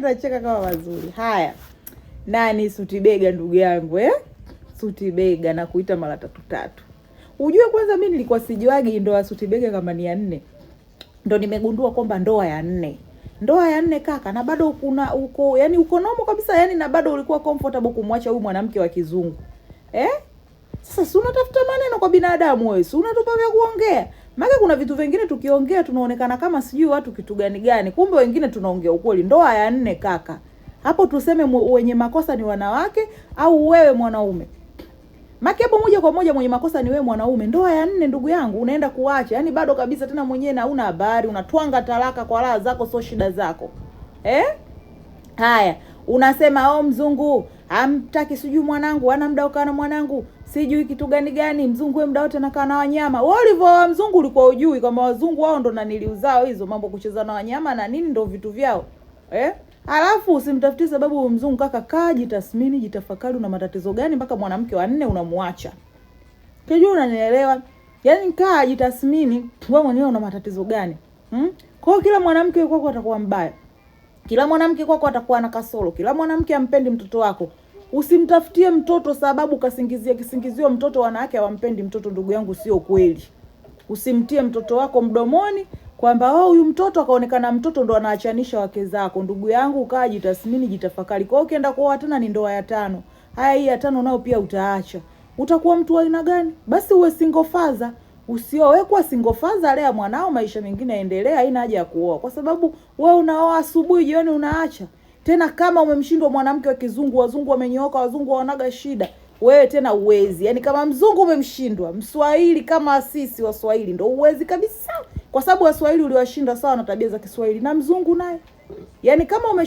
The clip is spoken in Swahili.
nacheka kama wazuri. Haya, nani suti bega, ndugu yangu eh? Suti bega na kuita mara tatu tatu. Ujue kwanza mi nilikuwa sijuagi ndoa suti bega kama ni ya nne, ndo nimegundua kwamba ndoa ya nne ndoa ya nne kaka, na bado kuna uko yani uko nomo kabisa yani, na bado ulikuwa comfortable kumwacha huyu mwanamke wa kizungu eh? Sasa si unatafuta maneno kwa binadamu wewe, si unatupa vya kuongea maana kuna vitu vingine tukiongea tunaonekana kama sijui watu kitu gani gani, kumbe wengine tunaongea ukweli. Ndoa ya nne kaka, hapo tuseme wenye makosa ni wanawake au wewe mwanaume? makebo moja kwa moja mwenye makosa ni wewe mwanaume. Ndoa ya nne ndugu yangu unaenda kuacha, yaani bado kabisa tena mwenyewe na una habari, unatwanga talaka kwa raha zako, sio shida zako eh? Haya, unasema oh, mzungu amtaki sijui mwanangu ana muda ukawa na mwanangu sijui kitu gani gani, mzungu muda wote nakaa na wanyama. Wewe ulivyoa mzungu ulikuwa ujui kwamba wazungu wao ndo naniliuzao hizo mambo kucheza na wanyama na nini ndo vitu vyao eh? Alafu usimtafutie sababu mzungu. Kaka, kaa jitathmini, jitafakari, una matatizo gani mpaka mwanamke wa nne unamwacha? Kijua, unanielewa? Yaani kaa jitathmini, wewe mwenyewe una matatizo gani hmm? Kwa kila mwanamke kwako atakuwa mbaya. Kila mwanamke kwako atakuwa na kasoro, kila mwanamke ampendi mtoto wako. Usimtafutie mtoto sababu kasingizia kisingizio mtoto wanawake hawampendi mtoto. Ndugu yangu, sio kweli. Usimtie mtoto wako mdomoni kwamba oh, huyu mtoto akaonekana mtoto ndo anaachanisha wake zako. Ndugu yangu, kaa jitathmini, jitafakari. Kwa hiyo ukienda kuoa tena ni ndoa ya tano, haya hii ya tano nao pia utaacha, utakuwa mtu wa aina gani? Basi uwe single father usiowekwa single father, lea mwanao, maisha mengine yaendelee. Haina haja ya kuoa, kwa sababu wewe unaoa asubuhi, jioni unaacha tena. Kama umemshindwa mwanamke wa kizungu, wazungu wamenyooka, wazungu wanaga shida, wewe tena uwezi. Yani kama mzungu umemshindwa mswahili, kama sisi waswahili ndo uwezi kabisa, kwa sababu waswahili uliwashinda sawa na tabia za Kiswahili, na mzungu naye yani kama ume